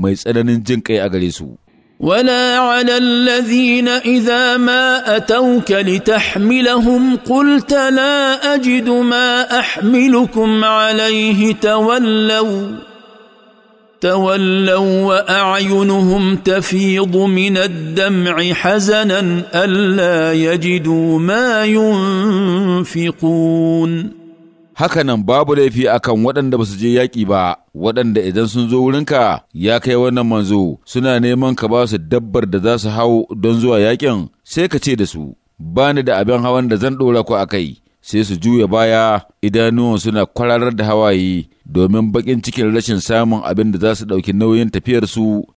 mai tsananin jin kai a gare su ولا على الذين اذا ما اتوك لتحملهم قلت لا اجد ما احملكم عليه تولوا تولوا واعينهم تفيض من الدمع حزنا الا يجدوا ما ينفقون hakanan babu laifi akan waɗanda ba su je yaƙi ba waɗanda idan sun zo wurinka ya kai wannan manzo suna neman ka ba su dabbar da za su hau don zuwa yaƙin sai ka ce da su ba ni da abin hawan da zan ɗora ku a kai sai su juya baya idanuwan suna kwararar da hawaye domin baƙin cikin rashin samun abin da za su ɗauki nauyin tafiyarsu